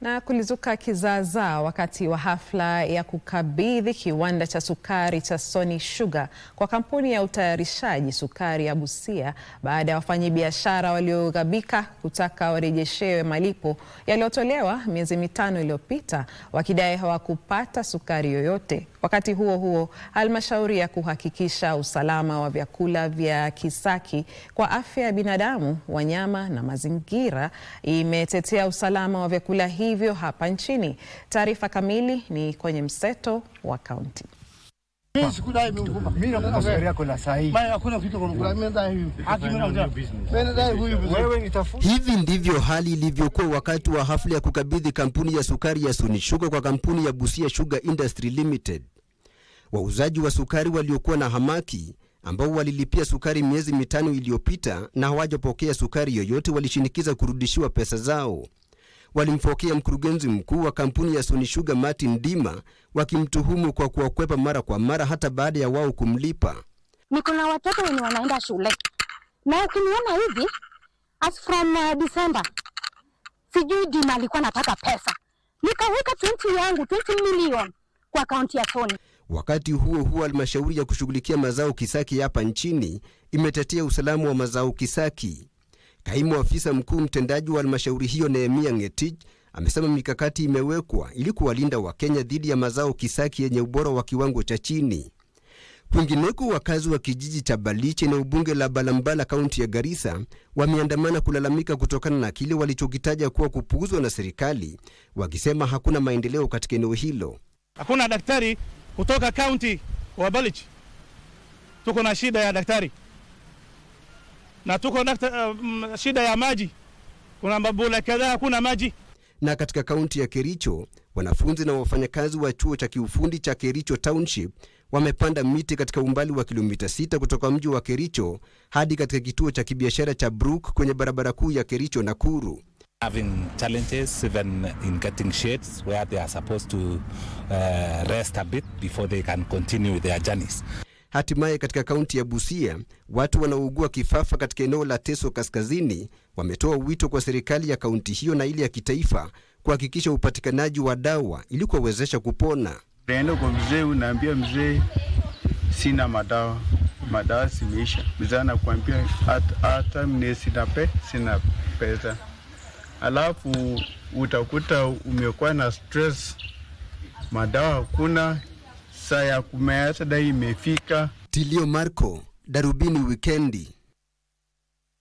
Na kulizuka kizaazaa wakati wa hafla ya kukabidhi kiwanda cha sukari cha Sony Sugar kwa kampuni ya utayarishaji sukari ya Busia baada ya wafanyabiashara waliogabika kutaka warejeshewe malipo yaliyotolewa miezi mitano iliyopita wakidai hawakupata sukari yoyote. Wakati huo huo, halmashauri ya kuhakikisha usalama wa vyakula vya kisaki kwa afya ya binadamu, wanyama na mazingira imetetea usalama wa vyakula hivyo hapa nchini. Taarifa kamili ni kwenye mseto wa kaunti. Hivi ndivyo hali ilivyokuwa wakati wa hafla ya kukabidhi kampuni ya sukari ya Suni Sugar kwa kampuni ya Busia Sugar Industry Limited. Wauzaji wa sukari waliokuwa na hamaki ambao walilipia sukari miezi mitano iliyopita na hawajapokea sukari yoyote walishinikiza kurudishiwa pesa zao. Walimfokea mkurugenzi mkuu wa kampuni ya Sony Sugar Martin Dima wakimtuhumu kwa kuwakwepa mara kwa mara hata baada ya wao kumlipa. Niko na watoto wenye wanaenda shule na ukiniona hivi as from uh, December sijui Dima alikuwa anataka pesa, nikaweka 20 yangu 20 million kwa akaunti ya Sony. Wakati huo huo, halmashauri ya kushughulikia mazao Kisaki hapa nchini imetetea usalama wa mazao Kisaki. Kaimu afisa mkuu mtendaji wa halmashauri hiyo Nehemia Ngetich amesema mikakati imewekwa ili kuwalinda Wakenya dhidi ya mazao Kisaki yenye ubora wa kiwango cha chini. Kwingineko, wakazi wa kijiji cha Baliche na ubunge la Balambala kaunti ya Garissa wameandamana kulalamika kutokana na kile walichokitaja kuwa kupuuzwa na serikali, wakisema hakuna maendeleo katika eneo hilo. Hakuna daktari kutoka kaunti wa Balich. Tuko na shida ya daktari na tuko na um, shida ya maji. Kuna mabula kadhaa hakuna maji. Na katika kaunti ya Kericho, wanafunzi na wafanyakazi wa chuo cha kiufundi cha Kericho Township wamepanda miti katika umbali wa kilomita 6 kutoka mji wa Kericho hadi katika kituo cha kibiashara cha Brook kwenye barabara kuu ya Kericho Nakuru having challenges even in getting shades where they are supposed to uh, rest a bit before they can continue their journeys. Hatimaye katika kaunti ya Busia, watu wanaougua kifafa katika eneo la Teso Kaskazini wametoa wito kwa serikali ya kaunti hiyo na ile ya kitaifa kuhakikisha upatikanaji wa dawa ili kuwawezesha kupona. Naenda kwa mzee, unaambia mzee, sina madawa, madawa zimeisha. Mzee anakuambia hata mne sina pe, sina pesa alafu utakuta umekuwa na stress, madawa hakuna, saa ya kumeasa dai imefika. Tilio Marco, Darubini Wikendi.